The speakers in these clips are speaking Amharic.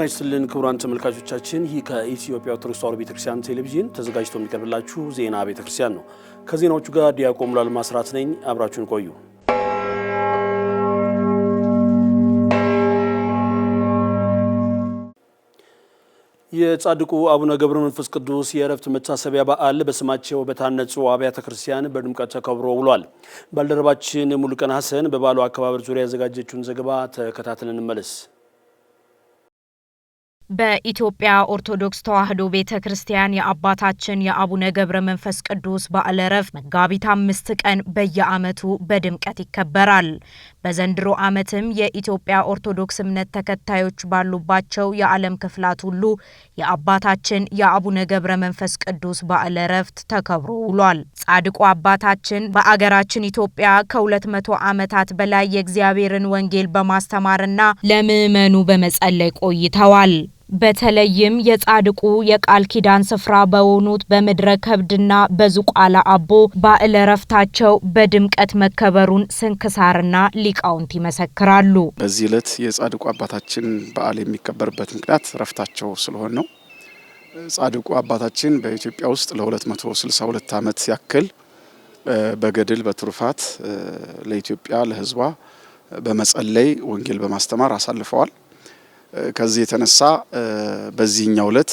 ጤና ይስጥልን ክቡራን ተመልካቾቻችን፣ ይህ ከኢትዮጵያ ኦርቶዶክስ ተዋሕዶ ቤተክርስቲያን ቴሌቪዥን ተዘጋጅቶ የሚቀርብላችሁ ዜና ቤተክርስቲያን ነው። ከዜናዎቹ ጋር ዲያቆን ሙላል ማስራት ነኝ። አብራችሁን ቆዩ። የጻድቁ አቡነ ገብረ መንፈስ ቅዱስ የእረፍት መታሰቢያ በዓል በስማቸው በታነጹ አብያተ ክርስቲያን በድምቀት ተከብሮ ውሏል። ባልደረባችን ሙሉቀን ሀሰን በበዓሉ አከባበር ዙሪያ ያዘጋጀችውን ዘገባ ተከታትለን እንመለስ። በኢትዮጵያ ኦርቶዶክስ ተዋሕዶ ቤተ ክርስቲያን የአባታችን የአቡነ ገብረ መንፈስ ቅዱስ በዓለ ዕረፍት መጋቢት አምስት ቀን በየዓመቱ በድምቀት ይከበራል። በዘንድሮ ዓመትም የኢትዮጵያ ኦርቶዶክስ እምነት ተከታዮች ባሉባቸው የዓለም ክፍላት ሁሉ የአባታችን የአቡነ ገብረ መንፈስ ቅዱስ በዓለ ዕረፍት ተከብሮ ውሏል። ጻድቁ አባታችን በአገራችን ኢትዮጵያ ከሁለት መቶ ዓመታት በላይ የእግዚአብሔርን ወንጌል በማስተማርና ለምዕመኑ በመጸለይ ቆይተዋል። በተለይም የጻድቁ የቃል ኪዳን ስፍራ በሆኑት በምድረ ከብድና በዝቋላ አቦ በዓለ ዕረፍታቸው በድምቀት መከበሩን ስንክሳርና ሊቃውንት ይመሰክራሉ። በዚህ ዕለት የጻድቁ አባታችን በዓል የሚከበርበት ምክንያት ዕረፍታቸው ስለሆን ነው። ጻድቁ አባታችን በኢትዮጵያ ውስጥ ለ262 ዓመት ያክል በገድል በትሩፋት ለኢትዮጵያ ለሕዝቧ በመጸለይ ወንጌል በማስተማር አሳልፈዋል። ከዚህ የተነሳ በዚህኛው እለት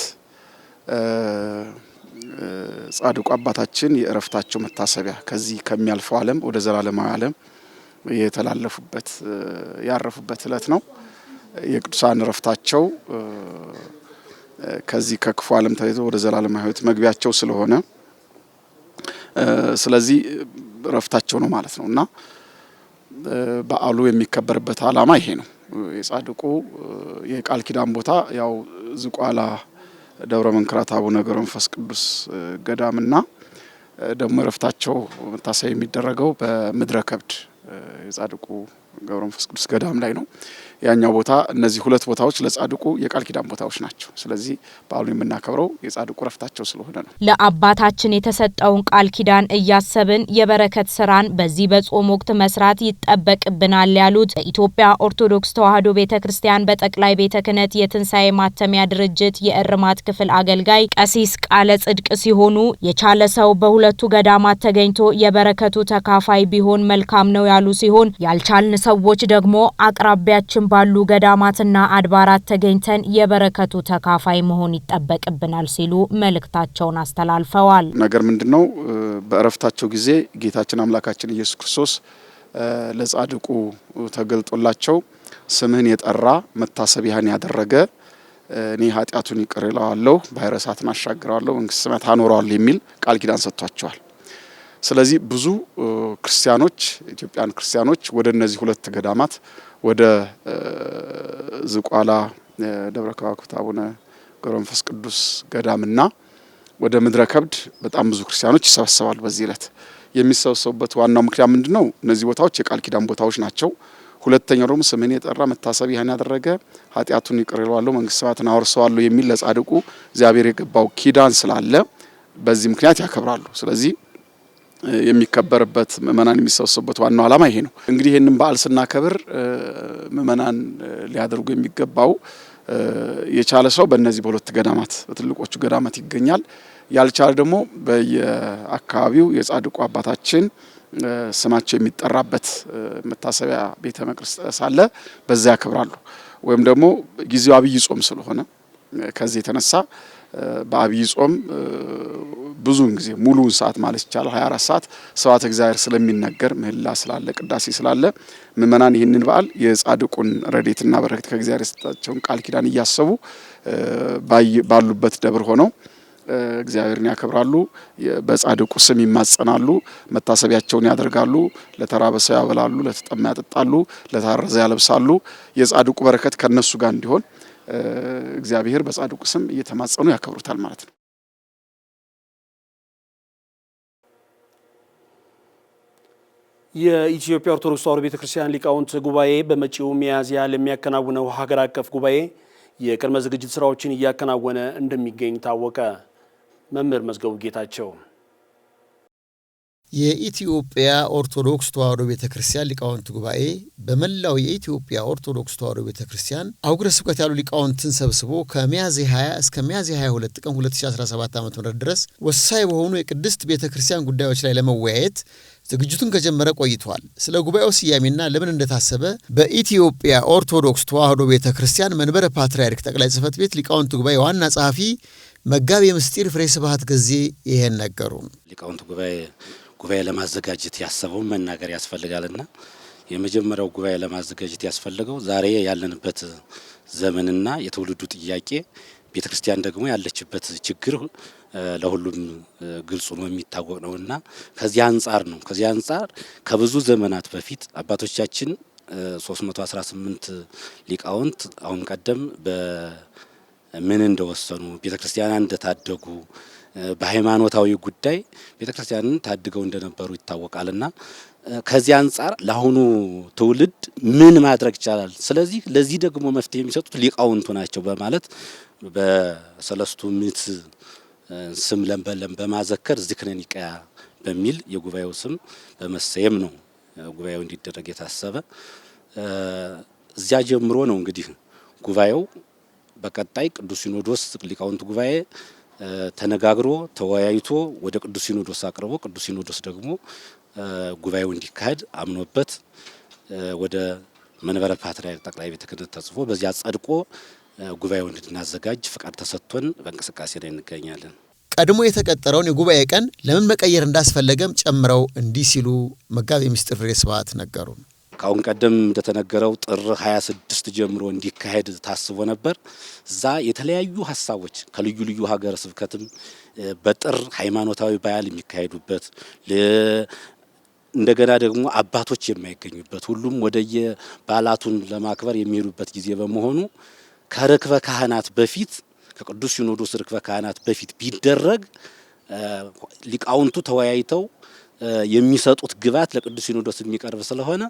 ጻድቁ አባታችን የእረፍታቸው መታሰቢያ ከዚህ ከሚያልፈው ዓለም ወደ ዘላለማዊ ዓለም የተላለፉበት ያረፉበት እለት ነው። የቅዱሳን እረፍታቸው ከዚህ ከክፉ ዓለም ተለይቶ ወደ ዘላለማዊ ሕይወት መግቢያቸው ስለሆነ ስለዚህ እረፍታቸው ነው ማለት ነው እና በዓሉ የሚከበርበት ዓላማ ይሄ ነው። የጻድቁ የቃል ኪዳን ቦታ ያው ዝቋላ ደብረ መንክራት አቡነ ገብረ መንፈስ ቅዱስ ገዳምና ደግሞ እረፍታቸው መታሰቢያ የሚደረገው በምድረ ከብድ የጻድቁ ገብረ መንፈስ ቅዱስ ገዳም ላይ ነው። ያኛው ቦታ እነዚህ ሁለት ቦታዎች ለጻድቁ የቃል ኪዳን ቦታዎች ናቸው። ስለዚህ በዓሉን የምናከብረው የጻድቁ ረፍታቸው ስለሆነ ነው። ለአባታችን የተሰጠውን ቃል ኪዳን እያሰብን የበረከት ስራን በዚህ በጾም ወቅት መስራት ይጠበቅብናል ያሉት በኢትዮጵያ ኦርቶዶክስ ተዋሕዶ ቤተ ክርስቲያን በጠቅላይ ቤተ ክህነት የትንሣኤ ማተሚያ ድርጅት የእርማት ክፍል አገልጋይ ቀሲስ ቃለ ጽድቅ ሲሆኑ የቻለ ሰው በሁለቱ ገዳማት ተገኝቶ የበረከቱ ተካፋይ ቢሆን መልካም ነው ያሉ ሲሆን ያልቻልን ሰዎች ደግሞ አቅራቢያችን ባሉ ገዳማትና አድባራት ተገኝተን የበረከቱ ተካፋይ መሆን ይጠበቅብናል ሲሉ መልእክታቸውን አስተላልፈዋል። ነገር ምንድን ነው? በእረፍታቸው ጊዜ ጌታችን አምላካችን ኢየሱስ ክርስቶስ ለጻድቁ ተገልጦላቸው ስምህን የጠራ መታሰቢያን ያደረገ እኔ ኃጢአቱን ይቅር እለዋለሁ፣ ባሕረ እሳትን አሻግረዋለሁ፣ መንግሥተ ሰማያት አኖረዋለሁ የሚል ቃል ኪዳን ሰጥቷቸዋል። ስለዚህ ብዙ ክርስቲያኖች ኢትዮጵያን ክርስቲያኖች ወደ እነዚህ ሁለት ገዳማት ወደ ዝቋላ ደብረ ከዋክብት አቡነ ገብረ መንፈስ ቅዱስ ገዳምና ወደ ምድረ ከብድ በጣም ብዙ ክርስቲያኖች ይሰበሰባሉ። በዚህ ዕለት የሚሰበሰቡበት ዋናው ምክንያት ምንድን ነው? እነዚህ ቦታዎች የቃል ኪዳን ቦታዎች ናቸው። ሁለተኛው ደግሞ ስሜን የጠራ መታሰብ ይህን ያደረገ ኃጢአቱን ይቅር እለዋለሁ መንግሥተ ሰማያትን አወርሰዋለሁ የሚል ለጻድቁ እግዚአብሔር የገባው ኪዳን ስላለ በዚህ ምክንያት ያከብራሉ። ስለዚህ የሚከበርበት ምእመናን የሚሰበሰቡበት ዋናው ዓላማ ይሄ ነው። እንግዲህ ይህንን በዓል ስናከብር ምእመናን ሊያደርጉ የሚገባው የቻለ ሰው በእነዚህ በሁለት ገዳማት በትልቆቹ ገዳማት ይገኛል። ያልቻለ ደግሞ በየአካባቢው የጻድቁ አባታችን ስማቸው የሚጠራበት መታሰቢያ ቤተ መቅደስ ሳለ በዛ ያከብራሉ። ወይም ደግሞ ጊዜው አብይ ጾም ስለሆነ ከዚህ የተነሳ በአብይ ጾም ብዙውን ጊዜ ሙሉውን ሰዓት ማለት ይቻላል 24 ሰዓት ስብሐተ እግዚአብሔር ስለሚነገር ምህላ ስላለ ቅዳሴ ስላለ ምእመናን ይህንን በዓል የጻድቁን ረዴትና በረከት ከእግዚአብሔር የሰጣቸውን ቃል ኪዳን እያሰቡ ባሉበት ደብር ሆነው እግዚአብሔርን ያከብራሉ፣ በጻድቁ ስም ይማጸናሉ፣ መታሰቢያቸውን ያደርጋሉ፣ ለተራበ ሰው ያበላሉ፣ ለተጠማ ያጠጣሉ፣ ለታረዘ ያለብሳሉ። የጻድቁ በረከት ከነሱ ጋር እንዲሆን እግዚአብሔር በጻድቁ ስም እየተማጸኑ ያከብሩታል ማለት ነው። የኢትዮጵያ ኦርቶዶክስ ተዋሕዶ ቤተ ክርስቲያን ሊቃውንት ጉባኤ በመጪው ሚያዝያ ለሚያከናውነው ሀገር አቀፍ ጉባኤ የቅድመ ዝግጅት ስራዎችን እያከናወነ እንደሚገኝ ታወቀ። መምህር መዝገቡ ጌታቸው የኢትዮጵያ ኦርቶዶክስ ተዋሕዶ ቤተ ክርስቲያን ሊቃውንት ጉባኤ በመላው የኢትዮጵያ ኦርቶዶክስ ተዋሕዶ ቤተ ክርስቲያን አህጉረ ስብከት ያሉ ሊቃውንትን ሰብስቦ ከሚያዝያ 20 እስከ ሚያዝያ 22 ቀን 2017 ዓ ም ድረስ ወሳኝ በሆኑ የቅድስት ቤተ ክርስቲያን ጉዳዮች ላይ ለመወያየት ዝግጅቱን ከጀመረ ቆይቷል። ስለ ጉባኤው ስያሜና ለምን እንደታሰበ በኢትዮጵያ ኦርቶዶክስ ተዋሕዶ ቤተ ክርስቲያን መንበረ ፓትርያርክ ጠቅላይ ጽሕፈት ቤት ሊቃውንት ጉባኤ ዋና ጸሐፊ መጋቤ ምስጢር ፍሬ ስብሐት ጊዜ ይሄን ነገሩ ሊቃውንት ጉባኤ ጉባኤ ለማዘጋጀት ያሰበውን መናገር ያስፈልጋልና የመጀመሪያው ጉባኤ ለማዘጋጀት ያስፈልገው ዛሬ ያለንበት ዘመንና የትውልዱ ጥያቄ ቤተ ክርስቲያን ደግሞ ያለችበት ችግር ለሁሉም ግልጽ ነው የሚታወቅ ነውና ከዚህ አንጻር ነው። ከዚህ አንጻር ከብዙ ዘመናት በፊት አባቶቻችን 318 ሊቃውንት አሁን ቀደም በምን እንደወሰኑ ቤተ እንደታደጉ በሃይማኖታዊ ጉዳይ ቤተክርስቲያንን ታድገው እንደነበሩ ይታወቃልና ከዚህ አንጻር ለአሁኑ ትውልድ ምን ማድረግ ይቻላል? ስለዚህ ለዚህ ደግሞ መፍትሄ የሚሰጡት ሊቃውንቱ ናቸው በማለት በሰለስቱ ምዕት ስም ለንበለም በማዘከር ዝክረን ኒቃያ በሚል የጉባኤው ስም በመሰየም ነው ጉባኤው እንዲደረግ የታሰበ። እዚያ ጀምሮ ነው እንግዲህ ጉባኤው በቀጣይ ቅዱስ ሲኖዶስ ሊቃውንት ጉባኤ ተነጋግሮ ተወያይቶ ወደ ቅዱስ ሲኖዶስ አቅርቦ ቅዱስ ሲኖዶስ ደግሞ ጉባኤው እንዲካሄድ አምኖበት ወደ መንበረ ፓትርያርክ ጠቅላይ ቤተ ክህነት ተጽፎ በዚያ ጸድቆ ጉባኤው እንድናዘጋጅ ፍቃድ ተሰጥቶን በእንቅስቃሴ ላይ እንገኛለን። ቀድሞ የተቀጠረውን የጉባኤ ቀን ለምን መቀየር እንዳስፈለገም ጨምረው እንዲህ ሲሉ መጋቤ ምስጢር ፍሬ ስብሐት ነገሩን። ከአሁን ቀደም እንደተነገረው ጥር 26 ጀምሮ እንዲካሄድ ታስቦ ነበር። እዛ የተለያዩ ሀሳቦች ከልዩ ልዩ ሀገረ ስብከትም በጥር ሃይማኖታዊ በዓል የሚካሄዱበት እንደገና ደግሞ አባቶች የማይገኙበት ሁሉም ወደየ በዓላቱን ለማክበር የሚሄዱበት ጊዜ በመሆኑ ከርክበ ካህናት በፊት ከቅዱስ ሲኖዶስ ርክበ ካህናት በፊት ቢደረግ ሊቃውንቱ ተወያይተው የሚሰጡት ግብዓት ለቅዱስ ሲኖዶስ የሚቀርብ ስለሆነ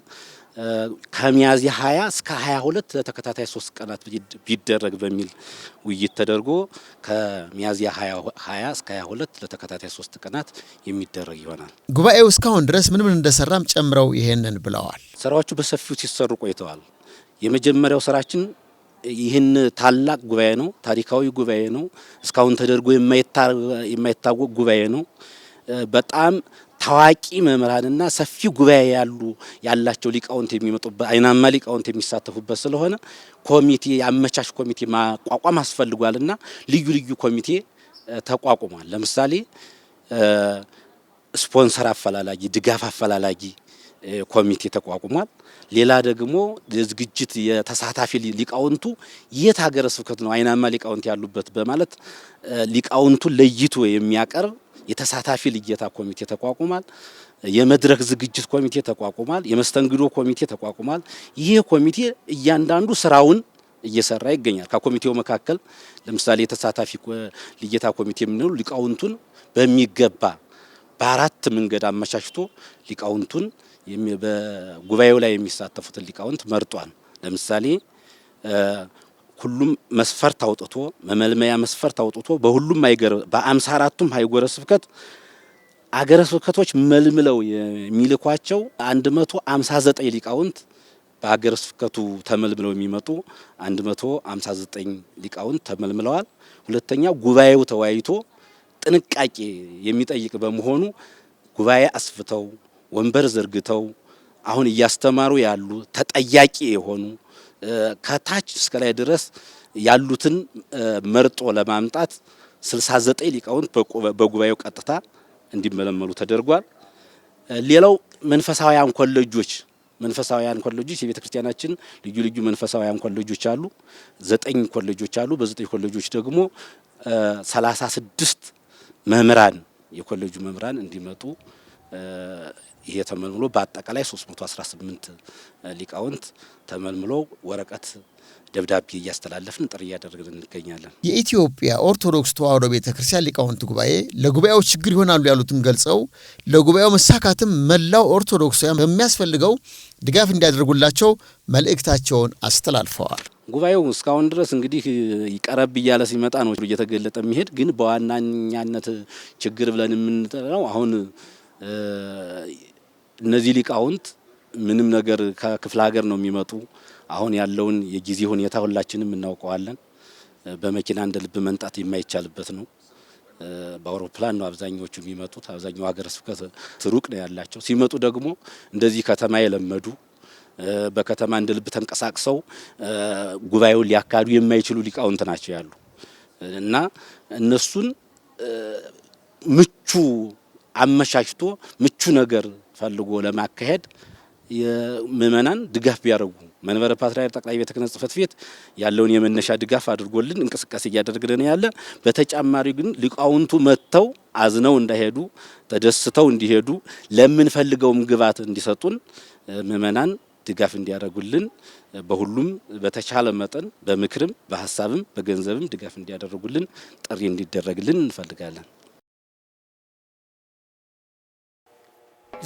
ከሚያዝያ 20 እስከ 22 ለተከታታይ ሶስት ቀናት ቢደረግ በሚል ውይይት ተደርጎ ከሚያዝያ 20 እስከ 22 ለተከታታይ ሶስት ቀናት የሚደረግ ይሆናል። ጉባኤው እስካሁን ድረስ ምን ምን እንደሰራም ጨምረው ይሄንን ብለዋል። ስራዎቹ በሰፊው ሲሰሩ ቆይተዋል። የመጀመሪያው ስራችን ይህን ታላቅ ጉባኤ ነው፣ ታሪካዊ ጉባኤ ነው፣ እስካሁን ተደርጎ የማይታወቅ ጉባኤ ነው። በጣም ታዋቂ መምህራንና ሰፊ ጉባኤ ያሉ ያላቸው ሊቃውንት የሚመጡበት አይናማ ሊቃውንት የሚሳተፉበት ስለሆነ ኮሚቴ የአመቻች ኮሚቴ ማቋቋም አስፈልጓልና ልዩ ልዩ ኮሚቴ ተቋቁሟል። ለምሳሌ ስፖንሰር አፈላላጊ፣ ድጋፍ አፈላላጊ ኮሚቴ ተቋቁሟል። ሌላ ደግሞ ዝግጅት የተሳታፊ ሊቃውንቱ የት ሀገረ ስብከት ነው አይናማ ሊቃውንት ያሉበት በማለት ሊቃውንቱ ለይቶ የሚያቀርብ የተሳታፊ ልየታ ኮሚቴ ተቋቁሟል። የመድረክ ዝግጅት ኮሚቴ ተቋቁሟል። የመስተንግዶ ኮሚቴ ተቋቁሟል። ይሄ ኮሚቴ እያንዳንዱ ስራውን እየሰራ ይገኛል። ከኮሚቴው መካከል ለምሳሌ የተሳታፊ ልየታ ኮሚቴ የምንለው ሊቃውንቱን በሚገባ በአራት መንገድ አመቻችቶ ሊቃውንቱን በጉባኤው ላይ የሚሳተፉትን ሊቃውንት መርጧል። ለምሳሌ ሁሉም መስፈርት አውጥቶ መመልመያ መስፈርት አውጥቶ በሁሉም አይገር በአምሳ አራቱም ሀገረ ስብከት አገረ ስብከቶች መልምለው የሚልኳቸው 159 ሊቃውንት በአገረ ስብከቱ ተመልምለው የሚመጡ 159 ሊቃውንት ተመልምለዋል። ሁለተኛ ጉባኤው ተወያይቶ ጥንቃቄ የሚጠይቅ በመሆኑ ጉባኤ አስፍተው ወንበር ዘርግተው አሁን እያስተማሩ ያሉ ተጠያቂ የሆኑ ከታች እስከ ላይ ድረስ ያሉትን መርጦ ለማምጣት 69 ሊቃውንት በጉባኤው ቀጥታ እንዲመለመሉ ተደርጓል። ሌላው መንፈሳውያን ኮሌጆች መንፈሳውያን ኮሌጆች የቤተ ክርስቲያናችን ልዩ ልዩ መንፈሳውያን ኮሌጆች አሉ። ዘጠኝ ኮሌጆች አሉ። በዘጠኝ ኮሌጆች ደግሞ 36 መምህራን የኮሌጁ መምህራን እንዲመጡ ይሄ ተመልምሎ በአጠቃላይ 318 ሊቃውንት ተመልምሎ ወረቀት ደብዳቤ እያስተላለፍን ጥሪ እያደረግን እንገኛለን። የኢትዮጵያ ኦርቶዶክስ ተዋሕዶ ቤተ ክርስቲያን ሊቃውንት ጉባኤ ለጉባኤው ችግር ይሆናሉ ያሉትን ገልጸው ለጉባኤው መሳካትም መላው ኦርቶዶክሳውያን በሚያስፈልገው ድጋፍ እንዲያደርጉላቸው መልእክታቸውን አስተላልፈዋል። ጉባኤው እስካሁን ድረስ እንግዲህ ቀረብ እያለ ሲመጣ ነው እየተገለጠ የሚሄድ ግን በዋናኛነት ችግር ብለን የምንጠራው አሁን እነዚህ ሊቃውንት ምንም ነገር ከክፍለ ሀገር ነው የሚመጡ። አሁን ያለውን የጊዜ ሁኔታ ሁላችንም እናውቀዋለን። በመኪና እንደ ልብ መንጣት የማይቻልበት ነው። በአውሮፕላን ነው አብዛኛዎቹ የሚመጡት። አብዛኛው ሀገረ ስብከት ሩቅ ነው ያላቸው። ሲመጡ ደግሞ እንደዚህ ከተማ የለመዱ በከተማ እንደ ልብ ተንቀሳቅሰው ጉባኤውን ሊያካሂዱ የማይችሉ ሊቃውንት ናቸው ያሉ እና እነሱን ምቹ አመቻችቶ ምቹ ነገር ፈልጎ ለማካሄድ ምእመናን ድጋፍ ቢያደርጉ መንበረ ፓትርያርክ ጠቅላይ ቤተ ክህነት ጽሕፈት ቤት ያለውን የመነሻ ድጋፍ አድርጎልን እንቅስቃሴ እያደረግን ያለ፣ በተጨማሪ ግን ሊቃውንቱ መጥተው አዝነው እንዳይሄዱ ተደስተው እንዲሄዱ ለምንፈልገውም ግብዓት እንዲሰጡን ምእመናን ድጋፍ እንዲያደርጉልን በሁሉም በተቻለ መጠን በምክርም በሀሳብም በገንዘብም ድጋፍ እንዲያደርጉልን ጥሪ እንዲደረግልን እንፈልጋለን።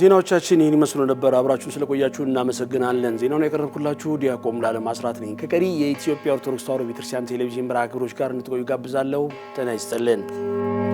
ዜናዎቻችን ይህን ይመስሉ ነበር። አብራችሁን ስለቆያችሁ እናመሰግናለን። ዜናውን ያቀረብኩላችሁ ዲያቆን ለዓለም አስራት ነኝ። ከቀሪ የኢትዮጵያ ኦርቶዶክስ ተዋሕዶ ቤተክርስቲያን ቴሌቪዥን መርሃ ግብሮች ጋር እንድትቆዩ ጋብዛለሁ። ጤና ይስጥልን።